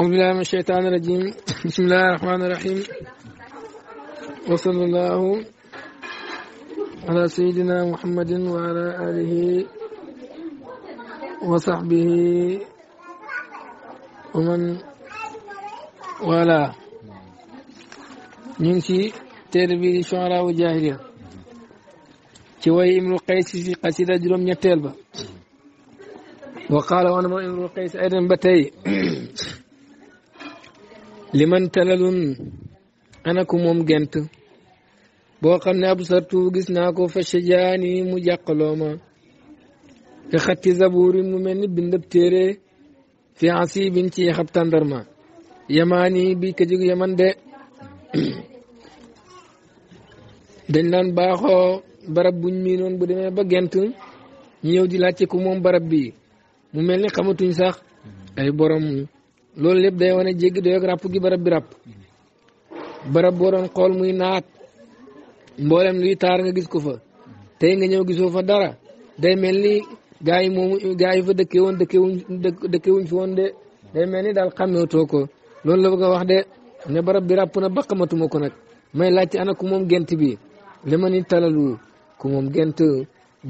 أعوذ بالله من الشيطان الرجيم بسم الله الرحمن الرحيم وصلى الله على سيدنا محمد وعلى آله وصحبه ومن والاه نمشي تربية شعراء وجاهلية شوي امرؤ قيس في قصيدة جرم يتلبى وقال وانا امرؤ قيس ايضا بتي li man tanalun ana ko moom gent boo xam ne ab sartu gis naa ko fa shajaani mu jàqaloo ma te xatti zaburin mu mel ni bindab téere fi asibin ci xab tàndarma yamaani bi ka jóg yaman de dañ naan baaxoo barab buñ miinoon bu demee ba gent ñëw di laajte ku moom barab bi mu mel ni xamatuñ sax ay borom loolu lépp day wane jéggi doyog ràpp gi barab bi ràpp barab xool muy naat mboolem luy taar nga gis ko fa tey nga ñëw gisoo fa dara day mel ni gaa yi moomu gaa yi fa dëkkee woon dëkkee wuñ dëkkee fi woon de day mel ni daal xàmmeetoo ko loolu la bëgg a wax de ne barab bi ràpp na baqamatuma ko nag may laajte ana ku moom gent bi li ma ni talalu ku moom gent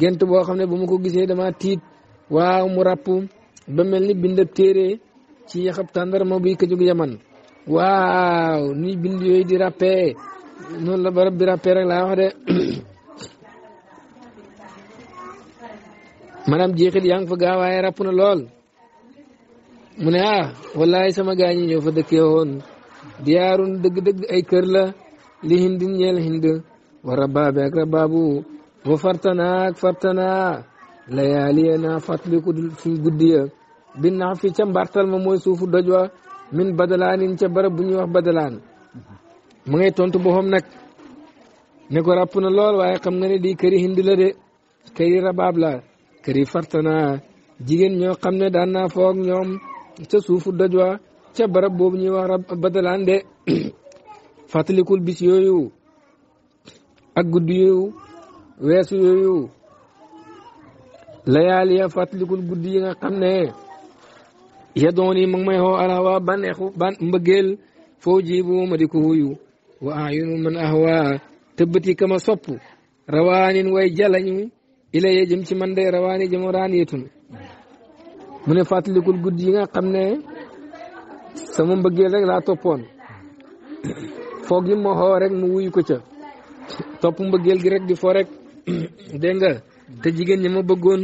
gent boo xam ne ba ma ko gisee dama tiit waaw mu rapp ba mel ni bind ab téere ci yaxab tàndarma buy ko jóg yaman waaw ni bind yooyu di rappee noonu la barab bi rappee rek laa wax de manam jeexit yaa ngi fa gaaw waaye rapp na lool mu ne ah wallahi sama gaa ñi ñëw fa dëkkee woon dëgg-dëgg ay kër la li hind ñeel hind wa rabaabe ak rabaabu wa fartana ak fartana layaaliya naa fàttaliku suñ ya. binnax fi ca mbartal ma mooy suufu doj wa min badalaanin ca barab bu ñuy wax badalaan mu ngay tontu boppam nag ne ko ràpp na lool waaye xam nga ne di këri hindi la de këri rabaab la këri fartana jigéen ñoo xam ne daan naa foog ñoom ca suufu doj ca barab boobu ñuy wax rab badalaan de fàttalikul bis yooyu ak guddi yooyu weesu yooyu layaaliya fàttalikul guddi yi nga xam ne yadoon yi ma ngi may xoo alhawa banneexu ban mbëggeel foo jiibu ma di ko wuyu wa ayunu man ahwa tëbbati kama sopp rawaanin way jalañu ila ye jëm ci man day rawaani jëmo raaniyetun mu ne fàttalikul guddi yi nga xam ne sama mbëggeel rek laa toppoon foog yi ma xoo rek mu wuyu ko ca topp mbëggeel gi rek di foo rek dégg nga te jigéen ma bëggoon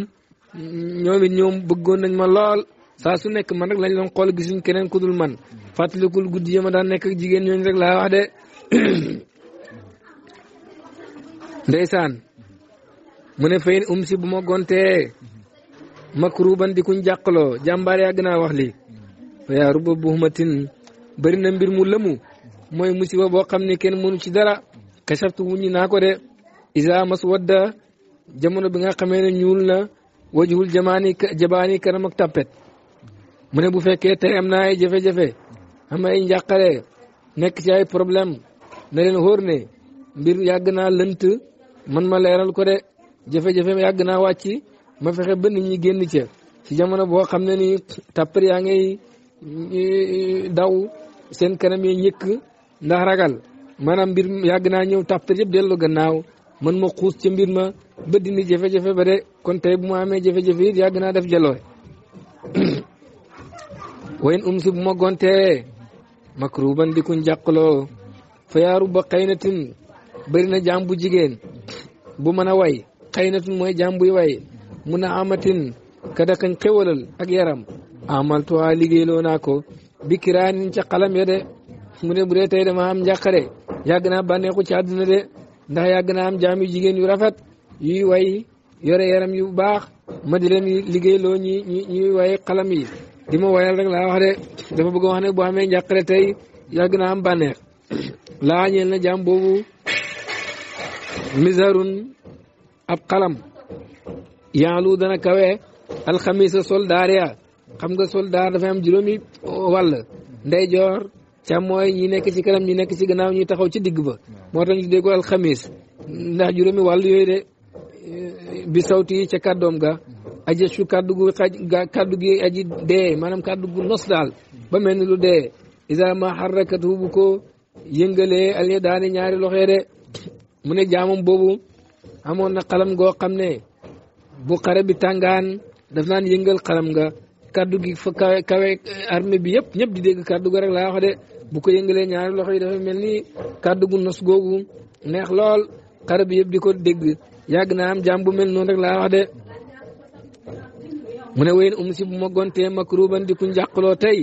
ñoom it ñoom bëggoon nañ ma lool saa su nekk ma rek lañ doon xool gisuñ keneen ku dul man fàttalikul guddi yëma daan nekk ak jigéen ñooñu rek laa de ndeysaan mu ne fayin um si bu ma gontee makruban di kuñ jàqaloo jàmbaar yàgg naa wax li yaa ruba buhumatin bëri na mbir mu lamu moy musiba boo xam ne kenn mënu ci dara kashaftu wuññi naa ko de isa mas wadda jamono bi nga xamee ne ñuul na wajhul jamaani jabaani kanam ak tappet mu ne bu fekkee tey am na ay jafe-jafe am ay njàqare nekk ci ay problème na leen xóor ne mbir yàgg naa lënt man ma leeral ko de jafe-jafe yàgg naa wàcc ma fexe ba nit ñi génn ca ci jamono boo xam ne ni tàppar yaa ngay daw seen kanam yi ñëkk ndax ragal maanaam mbir yàgg naa ñëw tàppar yëpp dellu gannaaw man ma xuus ca mbir ma ba dindi jafe-jafe ba de kon tey bu ma amee jafe-jafe it yàgg naa def jaloore wayn um bu ma gontee makruban di kuñ jàqloo fa yaaru ba xaynatin bëri na jaam jigéen bu mën a way xaynatin mooy jaam buy way mun a amatin kada kañ xewalal ak yaram amaltuwa liggéeyloo naa ko bikiraanin ca xalam ya de mu ne bu dee tey dama am njàqare yàgg naa bànneexu ci àdduna de ndax yàgg naa am jaam jigéen yu rafet yuy way yore yaram yu baax ma di leen liggéeyloo ñi ñuy way xalam yi di ma wayal rek laa wax de dafa bëgg wax ne boo xamee njàqare tey yàgg na am bànneex laa ñeel na jàmm boobu misarun ab xalam yaalu dana kawe alxamisa soldaria xam nga soldaar dafa am juróomi wàll ndeyjoor càmmooy ñi nekk ci kanam ñi nekk ci gannaaw ñuy taxaw ci digg ba moo tax ñu dégg ko alxamis ndax juróomi wàll yooyu de eh, bi sawti ca kàddoom ga ajasu kàddu gu xaj kàddu gi aji dee maanaam kàddu gu nos daal ba mel ni lu dee isa ma xarrakatu bu ko yëngalee al daani ñaari loxee de mu ne jaamam boobu amoon na xalam goo xam ne bu xare bi tàngaan daf naan yëngal xalam ga kàddu gi fa kawe kawe armée bi yëpp ñëpp di dégg kàddu ga rek laa wax de bu ko yëngalee ñaari loxo yi dafa mel ni kàddu gu nos googu neex lool xare bi yëpp di ko dégg yàgg naa am jaam bu mel noonu rek laa wax de mu ne wayen um si bu ma gontee makruban di ku njàqloo tey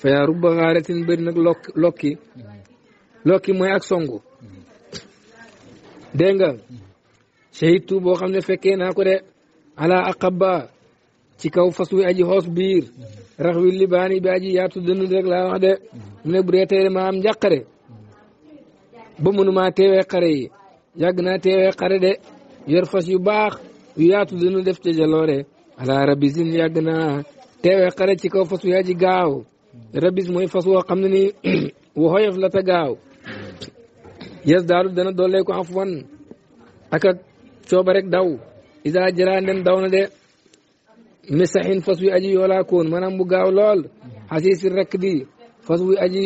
fa yaa rubba xaaratin bëri nag lokki lokki mooy ak songu dégg nga boo xam ne fekkee naa ko de ala aqaba ci kaw fas wi aji xoos biir rax wi libaani bi aji yaatu dënn rek laa wax de mu ne bu dee tey dama am njàqare ba mënumaa teewee xare yi yàgg naa teewee xare de yor fas yu baax yu yaatu dënn def jaloore ala rabisin yàgg naa teewee xare ci kaw fas yaa ji gaaw rabis mooy fas woo xam ne ni wu xoyof la ta gaaw yes daaru dana doole ko af wan ak daw isa jëra ndem daw na de misaxin fas wi aji yoolaa koon maanaam bu gaaw lool xasiisi rakk bi fas wi aji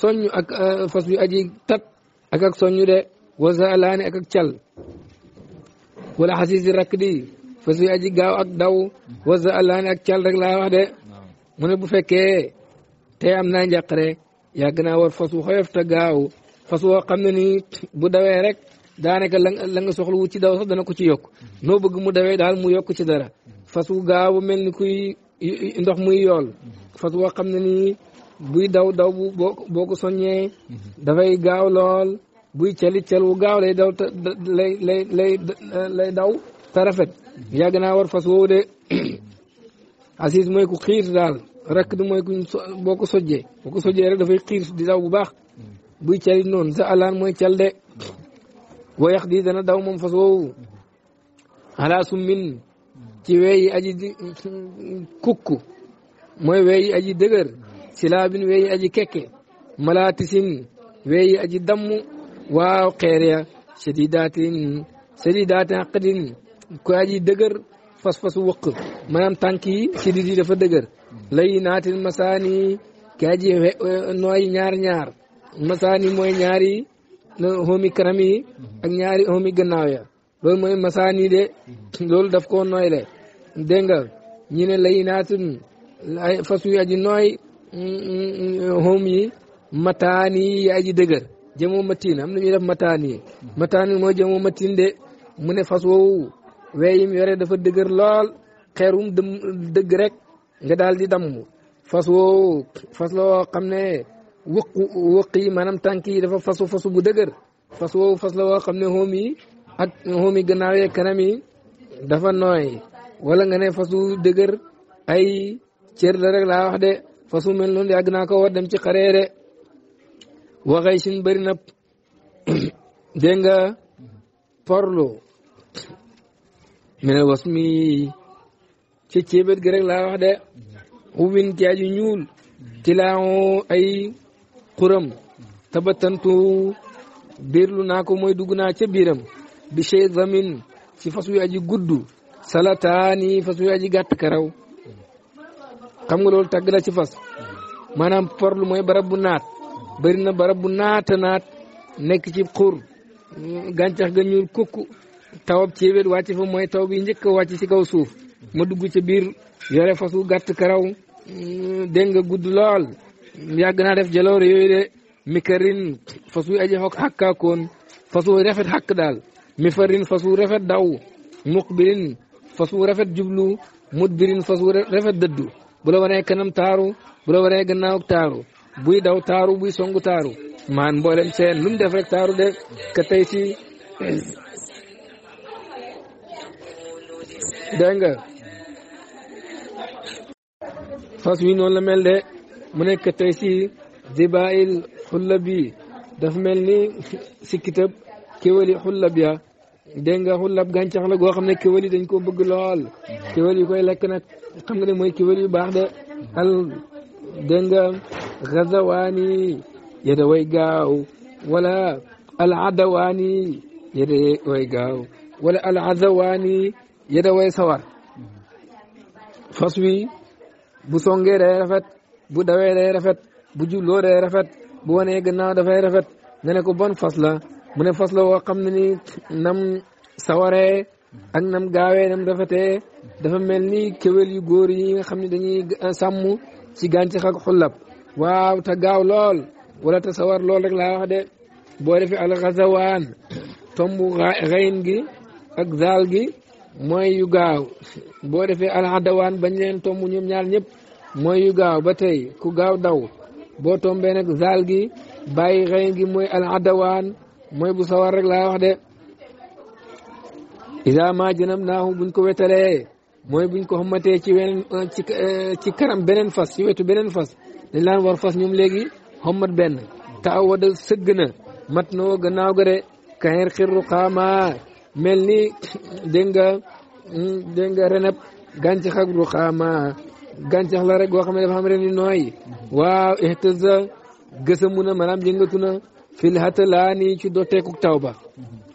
soññ euh, fas wi aji tat ak ak de wasa alaani ak cal wala xasiisi rakk bi fas yu aji gaaw ak daw wasa àllaani ak cal rek laa wax de mu ne bu fekkee te am naa njàqare yàgg naa war fas wu xoyof gaaw fas woo xam ne ni bu dawee rek daanaka la nga soxla wut ci daw sax dana ko ci yokk mm-hmm. noo bëgg mu dawee daal mu yokk ci dara mm-hmm. fas wu gaaw mel ni kuy ndox muy yool mm-hmm. fas woo xam ne nii buy daw daw bu boo ko soññee dafay gaaw lool buy calit cal gaaw lay daw lay lay lay lay yàgg naa war fas woowu asis mooy ku xiir daal rakk du mooy kuñ boo ko sojjee boo ko sojjee rek dafay xiir di daw bu baax buy calit noonu sa alaan mooy cal de boo yàq di dana daw moom fas woowu alaa summin ci weeyi aji kukku mooy weeyi aji dëgër silaabin weeyi aji kekke malaatisin weeyi aji dammu waaw xeer ya sadiidaatin sadiidaatin ku aji dëgër fas-fasu wëq maanaam tànk yi sidit dafa dëgër lay naatil masaani ku aji nooy ñaar ñaar masaani mooy ñaari xoomi kanam yi ak ñaari xoomi gannaaw ya loolu mooy masaani de loolu daf koo nooy le dégg nga ñu ne lay naatin fas yu aji nooy xoom yi mataani yi aji dëgër jëmoo matin am na ñuy def mataani yi mataani mooy jëmoo matin de mu fas woowu wey yim yore dafa dëgër lool xeerum dëm dëgg rek nga daal di dammu fas woo fas la woo xam ne wëqu wëq yi maanaam tànk yi dafa fasu fasu bu dëgër fas woo fas la woo xam ne xoom yi ak xoom yi gannaaw yee kanam yi dafa nooy wala nga ne fasu dëgër ay cër la rek laa wax de fasu mel noonu yàgg naa ko war dem ci xaree de waxay sin bëri na dégg nga mu ne mi ci cébét gi rek laa wax de ubin ci aju ñuul tilaawu ay xuram tabatantu biirlu naa ko mooy dugg naa ca biiram bi chey ci fas wi aji gudd salataani fas wi aji gàtt karaw xam nga loolu tàgg la ci fas maanaam porlu mooy barab naat bëri na barab bu naata naat nekk ci xur gàncax ga ñuul kukk tawab ceebét wàcc fa mooy taw bi njëkk a wàcc ci kaw suuf ma dugg ca biir yore fasu gàtt karaw mm, dégg nga gudd lool yàgg naa def jaloore yooyu de mikarin fasu aji xokk xàkkaakoon fasu rafet xàkk daal mifarin fasu rafet daw muqbirin fasu rafet jublu mudbirin fasu rafet dëddu bu la waree kanam taaru bu la waree gannaaw taaru buy daw taaru buy songu taaru maan mboolem seen lu def rek taaru de ka tey si dégg nga fas wi noonu la mel de mu nekk tey si dibaayil xulla bi daf mel ni si kitab kéwali xullab ya dégg nga xullab gàncax la goo xam ne kéwal yi dañ koo bëgg lool kéwal yu koy lekk nag xam nga ne mooy kéwal yu baax de al dégg nga gazawaani yada way gaaw wala al adawaani yada way gaaw wala al azawaani yéda way sawar fas wi bu songee day rafet bu dawee day rafet bu jubloo day rafet bu wanee gannaaw dafay rafet nga ne ko bon fas la mu ne fas la woo xam ne ni nam sawaree ak nam gaawee nam rafetee dafa mel ni kéwél yu góor yi nga xam ne dañuy ah, sàmm ci gàncax ak xullab waaw te gaaw lool wala te sawar lool rek lay wax de boo defee alxazawaan tomb xayn gi ak zaal gi mooy yu gaaw boo defee alxadawaan bañ leen tomb ñoom ñaar ñëpp mooy yu gaaw ba tey ku gaaw daw boo tombee nag zaal gi bàyyi xëy gi mooy alxadawaan mooy bu sawar rek laa wax de isa ma jënam naahu buñ ko wetalee mooy buñ ko xammatee ci weneen ci ci beneen fas ci wetu beneen fas dañ laan war fas ñoom léegi xammat benn taaw wada sëgg mat na woo gannaaw ga de kaxer xirru xaamaa mel ni dégg nga hmm, dégg nga renep gàncax ak ruxaama gàncax la rek goo xam ne dafa am ren yu nooy waaw ihtaza gësamu na maanaam yëngatu na fil hatalaani ci dooteeku taw ba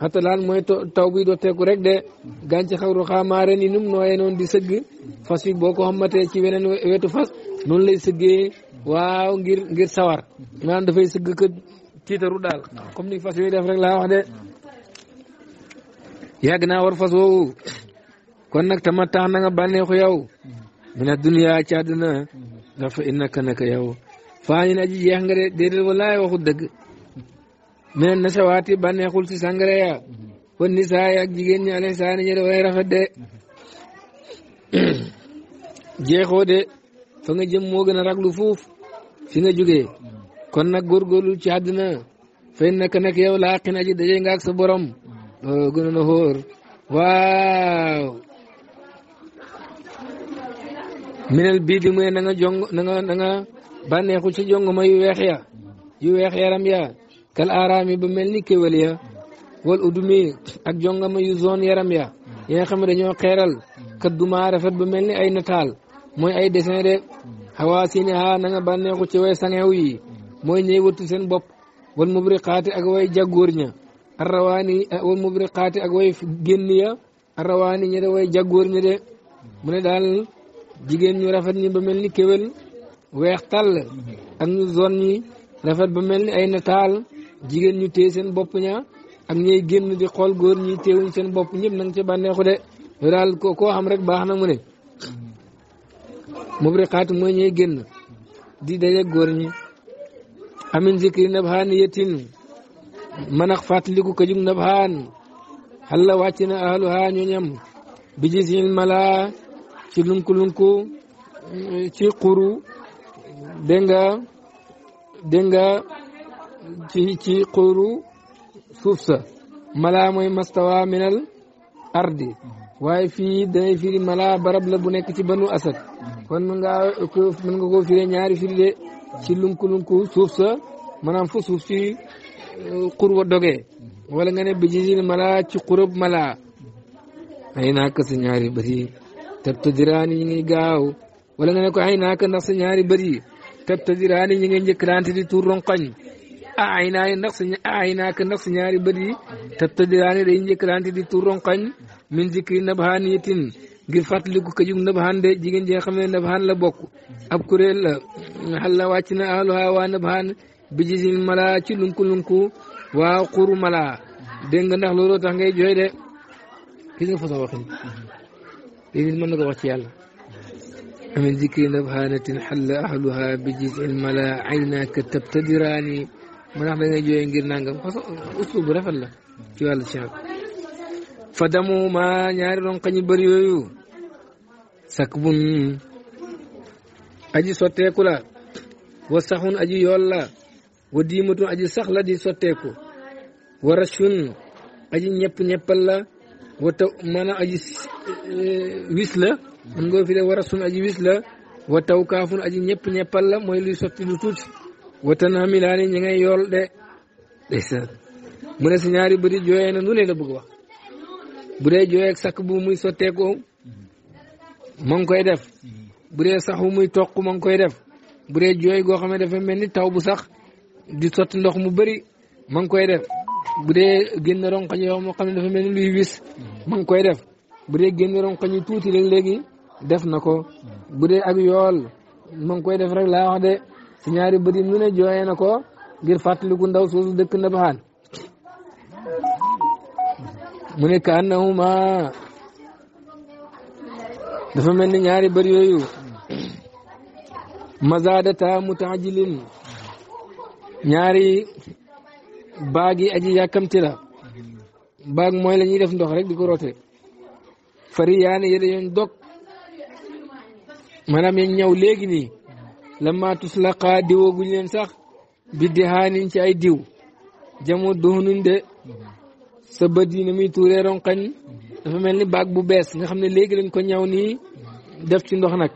hatalaan mooy taw bi dooteeku rek de gàncax ak ruxaama ren yi num nooyee noonu di sëgg fas yi boo ko xammatee ci weneen wetu fas noonu lay sëggee waaw ngir ngir sawar maanaam dafay sëgg kë tiitaru daal comme ni fas yooyu def rek laa wax de yàgg naa war fas woowu kon nag tama na nga bànneexu yow min a duniya ci àdduna dafa innaka naka yow faanin aji jeex nga de déedéet walaay waxul dëgg min nasawaati bànneexul si sàngara ya kon ni ak jigéen ñi ale saa ni ñëre way rafet de jeexoo de fa nga jëm moo gën a lu fuuf fi nga jógee kon nag góorgóorlu ci àdduna fa innaka naka yow laa qin aji daje nga ak sa borom loolu waaw minel bii di mu ne na jong na nga na ci jong ma yu weex ya yu weex yaram ya kal aaraam yi ba mel ni kéwél ya wal udumi ak jongama yu zone yaram ya yi xam ne dañoo xeeral kat duma rafet ba mel ni ay nataal mooy ay dessin de xawaa si ne a na ci way sangew yi mooy ñëy wattu seen bopp wal mubriqaati ak way jàggóor ña arrawaani eh, wa mubriqaati ak way génn ya arrawaani ñi de way jagóor ñi de mu ne daal jigéen ñu rafet ñi ba mel ni kéwél weex tàll ak ñu zone ñi rafet ba mel ni ay nataal jigéen ñu téye seen bopp ña ak ñuy génn di xool góor ñi téewuñ seen bopp ñëpp na nga ci bànneexu de loolu daal ko koo xam rek baax na mu ne mubriqaat mooy ñuy génn di daje góor ñi amin zikri nabhaaniyatin man ak fàttaliku ko jug na xaan xalla wàcc na ahluha ñoñam mala ci lunku lunku ci xuru dégg nga dégg nga ci ci suuf sa mala mooy mastawa minal ardi waaye fii danay firi mala barab la bu nekk ci banu asad kon mën ngaa mën nga koo ñaari firi de ci lunku lunku suuf sa maanaam fu suuf si xur wa dogee wala nga ne bi jisin mala ci xurub mala ay naaka sa ñaari bët yi tab ta diraani ñi ngi gaaw wala nga ne ay naaka ndax sa ñaari bët yi tab ta diraani ñi ngi njëkkalante di tuur ronkoñ a ay naay ndax sa ay naaka ndax sa ñaari bët yi tab ta diraani day njëkkalante di tuur ronkoñ min zikri nabhaan yitin ngir fàttaliku ka jug nabhaan de jigéen ji nga xam ne nabhaan la bok ab kuréel la xal la wàcc na ahluha waa nabhaan bijisin mala ci lunku lunku waaw xuru mala dégg nga ndax looloo tax ngay jooy de gis nga façon waxin léegi mën na ko wax ci yàlla amin zikri nabhanatin xalla ahluha bijisin mala aynaka tabtadiraani ma nax da ngay jooy ngir nangam façon uslub bu rafet la ci wàllu ci fa damu ma ñaari ronqañi bëri yooyu sak aji sotteeku la wasaxun aji yool wa mutu aji sax la di soteku warashun aji ñep ñepal la wata mana aji eh, wisla, la mën nga fi warashun aji wisla, la wa aji ñep ñepal la moy luy soti lu tut wata namilani ñi ngay yol de desa, mu ne si ñaari bari joye na nu ne la bëgg wax bu dee joye ak sak bu muy soteku ma koy e def bu dee saxu muy toq koy def bu dee joye go xamne dafa melni taw bu sax di sotti ndox mu bari ma ngi koy def bu dee génn ronkoñ yoo moo xam ne dafa mel ni luy wis ma ngi koy def bu dee génn ronkoñ yi tuuti rek léegi def na ko bu dee ak yool ma ngi koy def rek la wax de si ñaari bët yi mu ne jooyee na ko ngir fàttaliku ndaw soosu dëkk na baxaan mu ne ka dafa mel ni ñaari bët yooyu mazadata mutaajilin ñaari baag yi aji yàkkamti la baag mooy lañuy def ndox rek di ko roote fari yaane yéda yoon dog maanaam yéen ñëw léegi nii lama tuslaqaa diwooguñ leen sax bi dihaanin ci ay diw jamo duxunuñ de sa bët yi na muy tuuree ronqañ dafa mel ni baag bu bees nga xam ne léegi lañ ko ñaw nii def ci ndox nag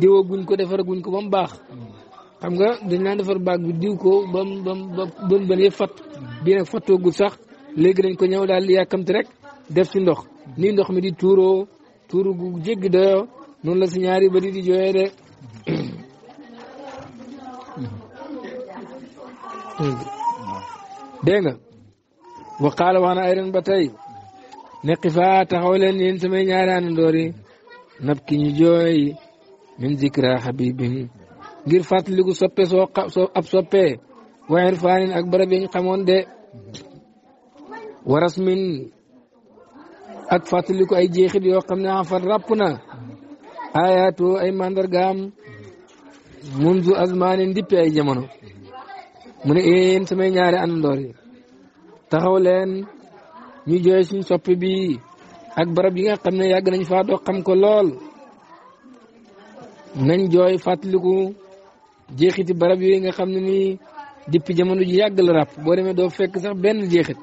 diwooguñ ko defaraguñ ko ba mu baax xam nga dañ naan defar baag bi diw ko ba mu ba mu ba mu fat bii nag sax léegi dañ ko ñëw daal di yàkkamti rek def ci ndox ni ndox mi di tuuroo tuuru gu jéggi doyoo noonu la si ñaari ba di di de. dégg nga waqaala wax na ay ren ba tey ne fa taxaw leen yéen samay ñaari àndandoor yi ki ñu jooy min zikra xabibin ngir fàttaliku soppe soo soo ab soppe waxir faanin ak barab yañ xamoon de waras min ak fàttaliku ay jeexit yoo xam ne afar ràpp na ayaatu ay mandargaam mundu azmaani ndippi ay jamono mu ne yéen samay ñaari àndandoor yi taxaw ñu jooy suñ soppe bi ak barab yi nga xam ne yàgg nañ fa doo xam ko lool nañ jooy fàttaliku jeexiti barab yi nga xam ne nii dippi jamono ji yàgg la ràpp boo demee doo fekk sax benn jeexit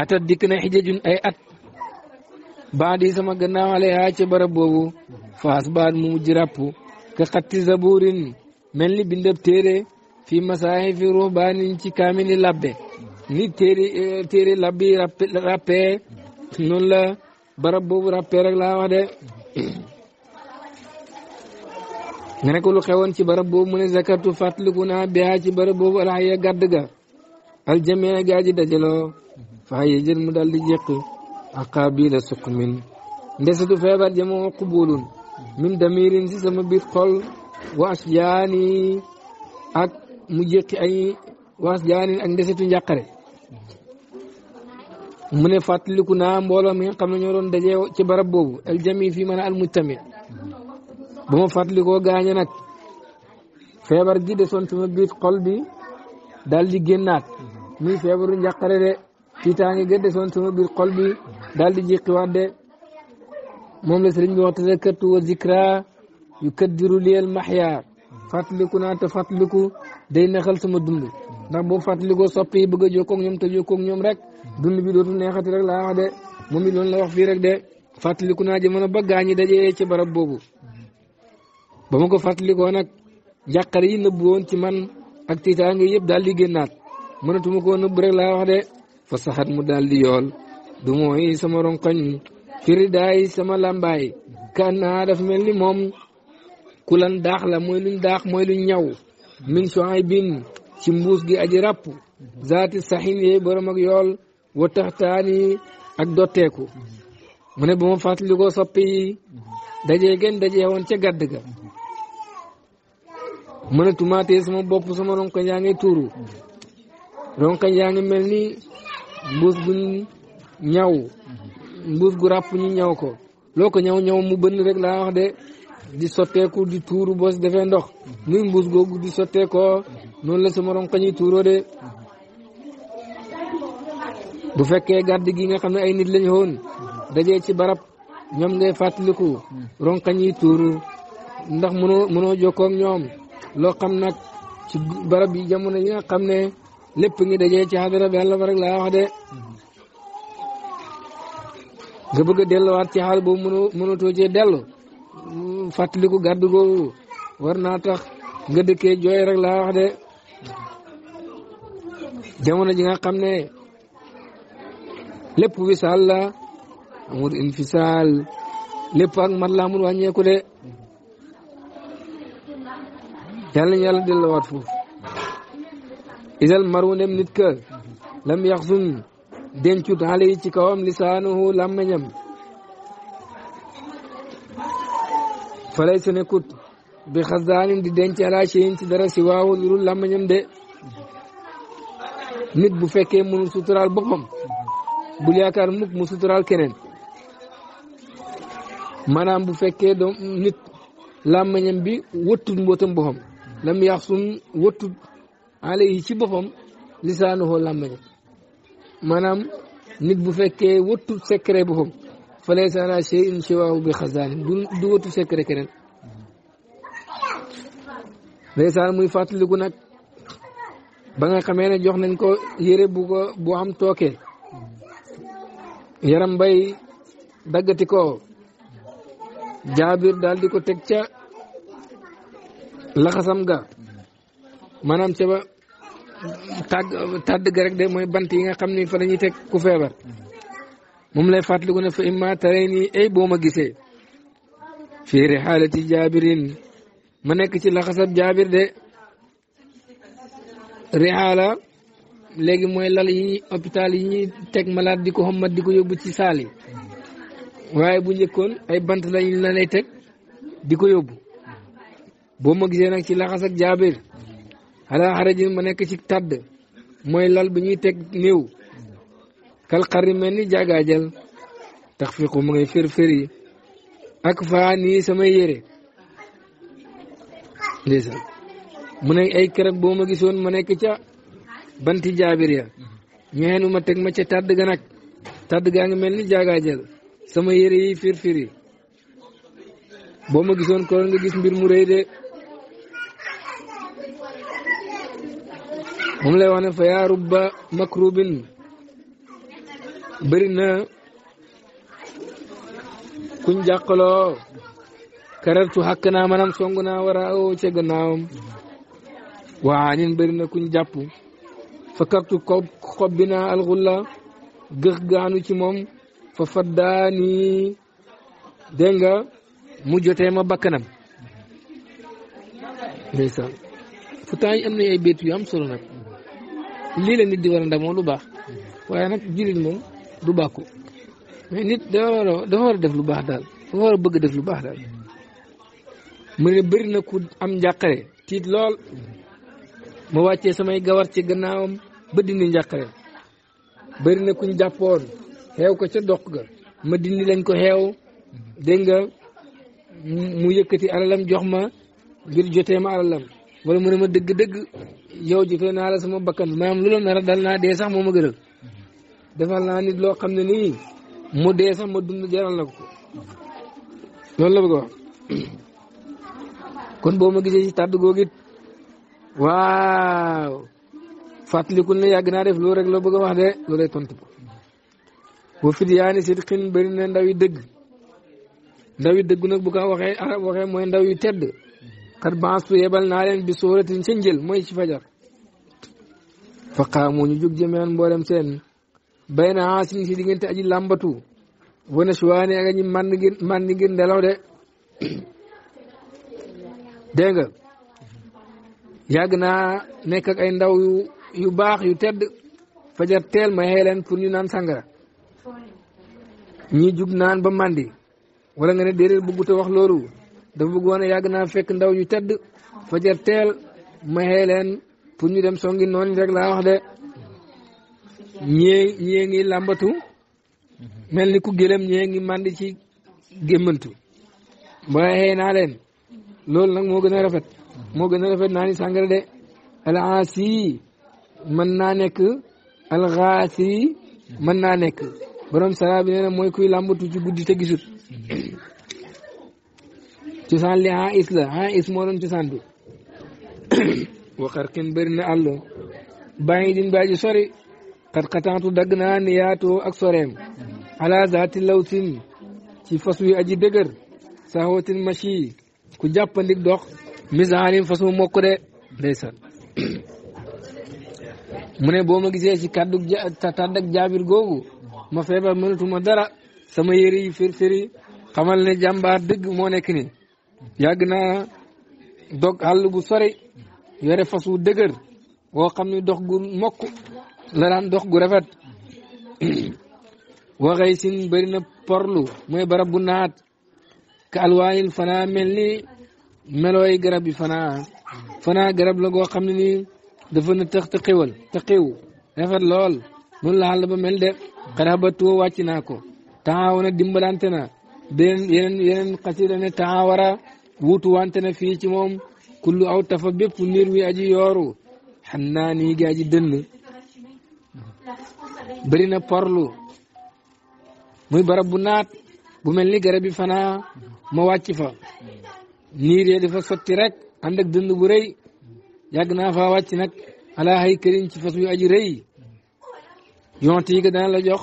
atat dikk na xijajun ay at baadi sama gannaaw aleyha ca barab boobu faas baat mu mujj ràpp ka xatti zaburin mel ni bindab téere fii masaahifi ruhbaanin ci kaamini labbe ni téere eh, labbi ràppe noonu la barab boobu ràppe rek laa de nga ne ko lu ci barab boobu mu ne zakartu fàttaliku naa bihaa ci barab boobu alxaya gàdd ga aljamee gaa ji dajaloo faa ye jël mu dal di jeq aqaabila suqmin ndesitu feebar jamoo qubulun min damirin si sama biir xol waas jaani ak mu jeqi ay waas jaani ak ndesitu njàqare mu ne fàttaliku naa mbooloo mi nga xam ne ñoo doon dajee ci barab boobu aljami fii mën a almujtami bu ma fàttalikoo gaañe nag feebar gi desoon sama biir xol bi daal di génnaat muy feebaru njàqare de tiitaange ga desoon sama biir xol bi daal di jéqiwaat de moom la sëriñ bi wax tazakkartu wa zikra yu kaddiru liyal maxyaa fàttaliku naat te fàttaliku day neexal sama dund ndax boo fàttalikoo soppi yi bëgg a jokkoo ak ñoom te jokkoo ak ñoom rek dund bi neexati rek laa wax de moom it loolu la wax fii rek de fàttaliku naa jamono ba gaañi da ci barab boobu ba ma ko fàttalikoo nag jàqare yi nëbbu ci man ak tiitaange yëpp daal di génnaat mënatuma ko nëbbu rek laa wax de fa saxat mu daal di yool du mooy sama ronkoñ firidaay sama làmbaay kannaa dafa mel ni moom ku daax la mooy luñ daax mooy luñ ñaw min soay bin ci mbuus gi aji ràpp zaati saxin yee borom ak yool wa taxtaani ak dotteeku mu ne ba ma fàttalikoo soppi yi dajee gën dajee woon ca gàdd ga mënatuma téye sama bopp sama ronkañ yaa ngi tuuru ronkañ yaa ngi mel ni mbuus gu ñaw mbuus gu ràpp ñu ñaw ko loo ko ñaw ñaw mu bënn rek laa wax de di sotteeku di tuuru boo si defee ndox muy mbuus googu di sotteekoo noonu la sama ronkañ yi tuuroo de bu fekkee gàdd gi nga xam ne ay nit lañ woon dajee ci barab ñoom ngay fàttaliku mm. ronkañ yi ndax mënoo mënoo jokkoo ak ñoom loo xam nag ci barab yi jamono yi nga xam ne lépp ngi dajee ci xadara bi yàlla ba rek laa wax de nga bëgg a delluwaat ci xaal boobu mënoo mënatoo cee dellu fàttaliku gàddu googu war naa tax nga dëkkee jooy rek laa wax de jamono ji nga xam ne lépp wisaal la amul infisaal lépp ak mat la amul wàññeeku de yàlla yàlla delloowaat foofu isal maru nit ka lam yaxsun dencut xale ci kawam lisaanahu làmmeñam falay sa nekkut bi xasdaanin di denc ala cheyin ci dara si waawu lu dul làmmeñam de nit bu fekkee mënul suturaal boppam bul yaakaar mukk mu suturaal keneen maanaam bu fekkee doom nit làmmeñam bi wëttut mbootam boppam lam yaxsun wëttut alayhi ci boppam lisaanuhu làmmañam maanaam nit bu fekkee wëttut secret boppam fa laysa ala shay'in siwaahu bi xazaanin du du wëttu secret keneen ndeysaan muy fàttaliku nag ba nga xamee ne jox nañ ko yére bu ko bu am tookee yaram bay daggati ko jaabir daal di ko laxasam ga maanaam ca tàgg tàdd ga rek de mooy bant yi nga xam ni fa dañuy teg ku feebar moom lay fàttaliku ne fa imma taree nii ay boo ma gisee fii rixaalati jaabirin ma nekk ci laxasab jaabir de rixaala léegi mooy lal yi hôpital yi ñuy teg malaat di ko xommat di ko yóbbu ci saal waaye bu njëkkoon ay bant lañ la lay teg di ko yóbbu boo ma gisee nag ci laxas ak jaabir ala xarajin ma nekk ci tàdd mooy lal bu ñuy teg néew kal xari mel ni jagaajal tax fiqu ma ngay fër yi ak faa nii samay yére ndeysaan mu ne ay keroog boo ma gisoon ma nekk ca banti jaabir ya ñeenu ma teg ma ca tàdd ga nag tàdd gaa ngi mel ni jagaajal sama yére yi fër yi boo ma gisoon ko nga gis mbir mu rëy de moom lay wax ne fa yaa rubba makrubin bëri na kuñ jàqaloo karartu xàkk naa maanaam song naa war waa ñun bëri kuñ jàpp fa kartu xob xob bi gëx gaanu ci moom fa faddaani dégg nga mu jotee ma bakkanam ndeysaan fu temps yi ay béytu yu solo nag lii la nit di war a ndamoo lu baax waaye nag jullit moom du bàkku mais nit dafa war a def lu baax daal dafa war a bëgg def lu baax daal mu ne bëri na ku am njàqare tiit lool ma wàcce samay gawar ci gannaawam ba dindi njàqare bari na kuñ jàppoon xeew ko ca doq ga ma dindi lañ ko xeew dégg nga mu yëkkati alalam jox ma ngir jotee ma alalam wala mu ne ma dëgg-dëgg yow ji naa la sama bakkan maanaam lu la nar a dal naa dee sax moo ma gënal defal naa nit loo xam ne nii mu dee sax ma dund jaral na ko loolu la bëgg wax kon boo ma gisee ci tàdd googu it waaw fàttaliku ne yàgg naa def loolu rek la bëgg a wax de loolu lay tontu ko ndaw yi dëgg ndaw dëgg nag bu ko waxee ah, mooy ndaw yu tedd xat baastu yebal naa leen bi sóoratin ci njël mooy ci fajar fa qaamu ñu jóg jëmeen mboolem seen bay na aasin si diggante aji làmbatu wana suwaane ak aji mànd ngir mànd ngir de dégg nga yàgg naa nekk ay ndaw yu baax yu tedd fajar teel ma xëy leen pour ñu naan sàngara ñi jug naan ba màndi wala nga ne déedéet wax loolu dafa bëggoon a yàgg naa fekk ndaw ñu tedd fajar teel maxee pour ñu dem songi noonu rek laa wax de ñee ñee ngi làmbatu mel ni ku gëlëm ñee ngi màndi ci gémmantu maxee naa leen loolu nag moo gën a rafet moo gën a rafet naa ni sàngara de alxaasi mën naa nekk alxaasi mën naa nekk borom sara bi nee na mooy kuy làmbatu ci guddi te gisut cosaan li ha is la ha moo doon cosaan bi waxar kin bëri na àll bàyyi din bàyyi sori xat xataantu dagg naa ni yaatoo ak soreem ala zaati lawsin ci fas wi aji dëgër saxootin machi ku jàppandik dox misaanim fas mu mokk de mu ne boo ma gisee ci kàddu jaabir googu ma feebar mënatuma dara sama yëri firfiri xamal ne jàmbaar dëgg moo nekk nii yàgg naa dog àll gu sori yore fas wu dëgër woo xam ni dox gu mokk la daan dox gu rafet waxay sin bëri porlu mooy barab bu naat ka alwaayil fanaa mel ni melooy garab yi fanaa fanaa garab la goo xam ne nii dafa na tëx te xiwal rafet lool noonu la àll ba mel de xanaa ba tuwa wàcc naa ko taxaw na dimbalante na beneen yeneen yeneen xasida ne taawara wuutu wante na fii ci moom kullu aw tafa bépp niir wi aji yooru xam naa nii gi aji dënn bëri porlu muy barab bu naat bu mel ni garab yi fanaa ma wàcc fa niir yee dafa sotti rek ànd ak dënd bu rëy yàgg naa fa wàcc nag ala hay këriñ ci fas yu aji rëy yonti yi ga dana la jox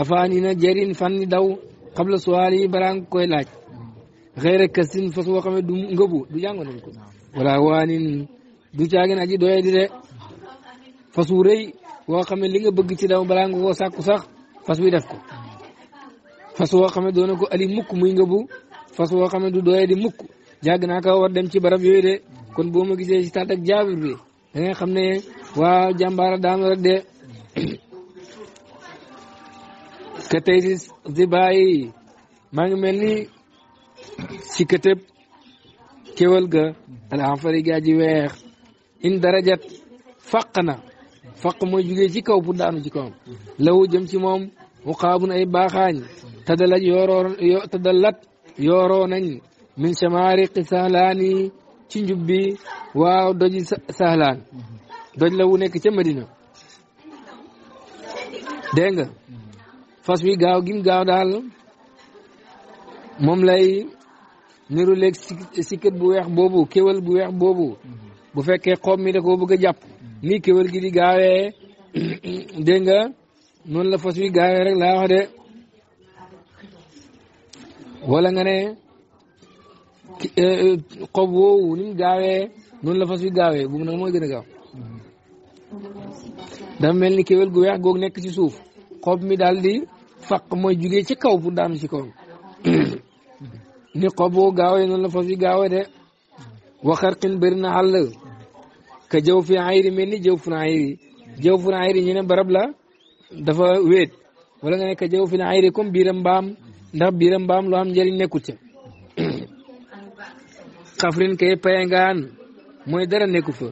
afaan yi na jëriñ fan ni daw xabla suwaal yi koy laaj xëy na kasin fas woo xam ne du ngëbu du jàngoon nañ ko wala waanin du caagin aji doye di fas wu rëy woo xam ne li nga bëgg ci daw balaa nga koo sax fas wi def ko fas woo xam ne doon ko ali mukk muy ngëbu fas woo xam ne du doye di mukk jàgg naa ka war dem ci barab yoy de kon boo ma gisee si ak jaabir bi da ngay xam ne waa jàmbaara daan rek de ka tey si si bàyyi maa ngi mel ni ci këtëb kéwal ga alhamfari gaa ji weex in darajat faq na faq mooy jugee ci kaw pour daanu ci kawam lawu jëm ci moom uqaabun ay baaxaañ tadalat yooroo tadalat min samaariqi sahlaani ci njubbi waaw doji sahlaan doj la nekk ca Madina dégg fas wi gaaw gim gaaw daal moom lay niru léeg sikkat bu weex boobu kéwal bu weex boobu bu fekkee xob mi da ko bëgg a jàpp nii kéwal gi di gaawee dégg nga noonu la fas wi gaawee rek laa wax de wala nga ne eh, eh, xob woowu ni mu gaawee noonu la fas wi gaawee boobu nag mooy gën a gaaw dafa mel ni kéwal gu weex googu nekk ci suuf xob mi daal di faq mooy jugee ci kaw pour daanu ci kaw ni xoboo gaawee noonu la fas gaawee de waxarqin bëri na àll ka jëw fi ayri mel ni jëw fun ayri jëw fun ayri ñu ne barab la dafa wéet wala nga ne ka jëw fi ayri comme biiram mbaam ndax biiram mbaam loo am njariñ nekkut ca xafrin kay payangaan mooy dara nekku fa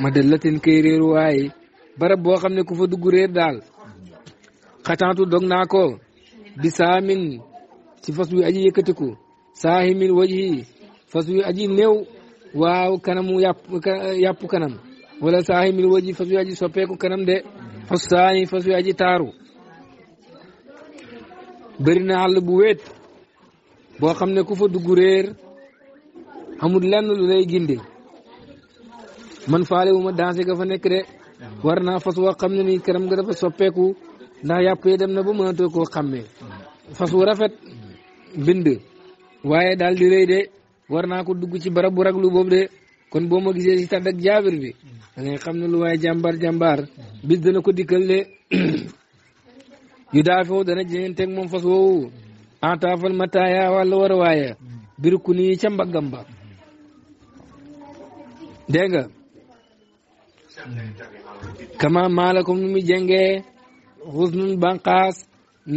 ma dëllatin kay réeru waaye barab boo xam ne ku fa dugg daal katatu dognako bisamin si faswi aji yekkatiku sahimin waji faswi aji new waw kanamu yappu kanam wala sahimin waji faswi aji soppeku kanam de fossani faswi aji taru berina allah bu wet bo xamne ku fa duggu reer amul lenn lu lay gindi man faale wuma danse ga fa nekk de war naa faswa xam ne ni kanam nga dafa soppeeku ndax yàpp yi dem na ba mënatoo koo xàmmee fas wu rafet bind waaye daal di rëy de war naa ko dugg ci barab rag lu boobu de kon boo ma gisee si tàdd jaabir bi da xam ne lu waaye jàmbaar jàmbaar bis dana ko dikkal de yu daafew dana jënanteeg moom fas woowu entaafal mataaya walla war waaye biru ku nii ca mbaggam ba dégg nga kama nu mu jengee xusnun banqaas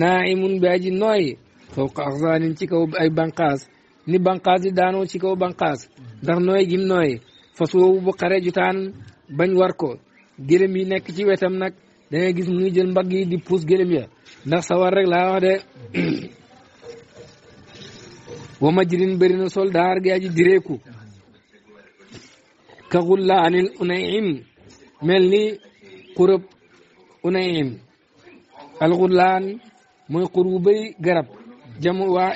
naaimun bi aji nooy fawqa axsaanin ci kaw ay banqaas ni banqaas di daanoo ci kaw banqaas ndax nooy gim nooy fas woowu bu xare jutaan bañ war ko gëlëm yi nekk ci wetam nag da ngay gis muy jël mbagg yi ndax sawar rek laa wax de wa majrin bëri na soldaar gi aji direeku ka xulla anil unayim mel ni xurëb unayim alxurlaan mooy xur wu bëri garab jamu waa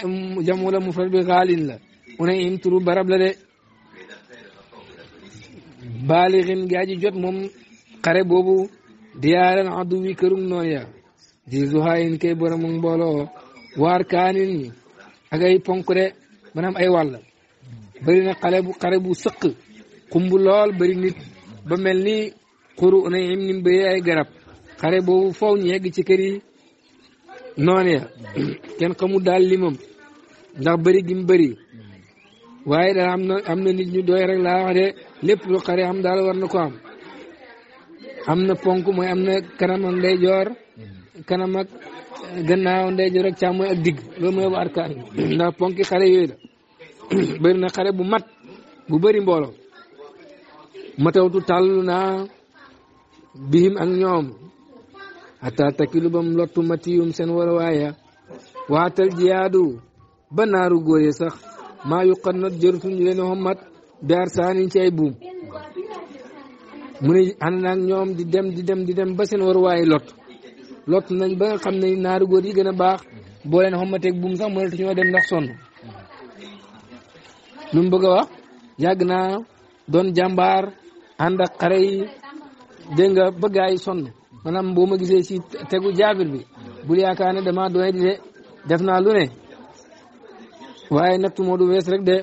jamu la mufrad bi xaalin la une im turu barab la de baalixin gaa ji jot moom kare boobu diyaaran addu wi kërum noon ya di zuhaayin kay borom mbooloo waar kaanin ak ay ponk de maanaam ay wàll bëri na xale bu sëq xumb lool bëri ba mel ni xuru une im nim bëri ay garab xare boobu faw ñu gi ci kër yi noonu ya kenn xamul daal limam ndax bëri gi mu bëri waaye daal am na am na nit ñu doy rek laa wax de lépp lu xare am daal war na ko am am na ponk mooy am na kanam ak ndeyjoor kanam ak gannaaw ndeyjoor ak càmmooy ak digg loolu mooy bu arkaan ndax ponki xare yooyu la bëri na xare bu mat bu bëri mbooloo matawtu tàllu naa bihim ak ñoom xataa takilu ba mu lottu matiyum seen warawaaya waatal jiyaadu ba naaru góor yi sax maa yuqat nag jërutuñu leen xommat biar saanin ci ay buum mu ne ànd naag ñoom di dem di dem di dem ba seen waruwaay lot lot nañ ba nga xam ne naaru góor yi gën a baax boo leen xommateeg buum sax mënatu ñoo dem ndax sonn lu mu bëgg a wax yàgg naa doon jàmbaar ànd ak xare yi dégg bëggaay sonn maanaam boo ma gisee si tegu jaabir bi bul yaakaar ne damaa doy di de def naa lu ne waaye nattu moo du wees rek de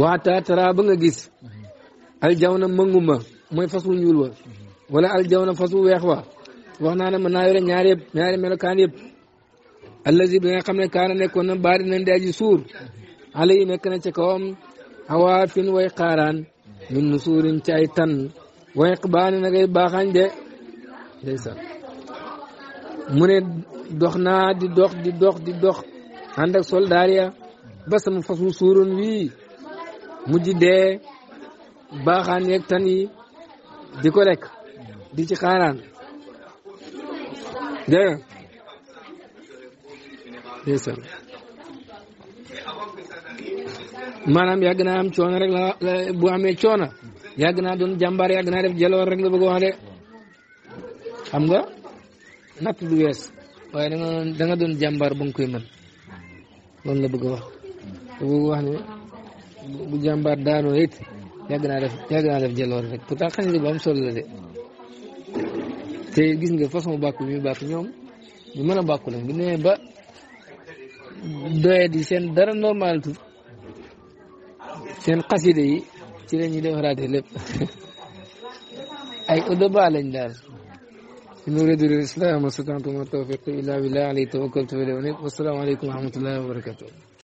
waata tara ba nga gis aljawna mënguma mooy fas wu ñuul wa wala aljawna fas wu weex wa wax naa ne ma naa ñaar ñaari yëpp ñaari melokaan yëpp allazi bi nga xam ne kaana nekkoon na baari nañ di aji suur ala yi nekk na ca kawam awaa fin way xaaraan min nu suurin ci tan way baa ne na de ndeysaan mu ne dox naa di dox di dox di dox ànd ak soldaar ya ba sama fas wu suuroon wii mujj dee baaxaan yeeg tan di ko lekk di ci xaaraan dégg nga ndeysaan maanaam yàgg naa am coono rek la bu amee coono yàgg naa doon jàmbaar yàgg naa def jaloor rek la bëgg wax de xam nga natt du wees waaye da nga doon jàmbaar ba koy mën loolu la bëgg a wax te bëgg wax ne bu jàmbaar daanoo it yàgg naa def yàgg naa def jëloon rek pourtant xasida bu am solo la de te gis nga façon bàkku bi ñoom ñu mën a bàkku la bu nee ba doye di seen dara normal tut seen xasida yi ci la ñuy defaraate lépp ay odoba lañ daal إن أريد الإسلام ما استطعت وما توفيقي إلا بالله عليه توكلت وإليه والسلام عليكم ورحمة الله وبركاته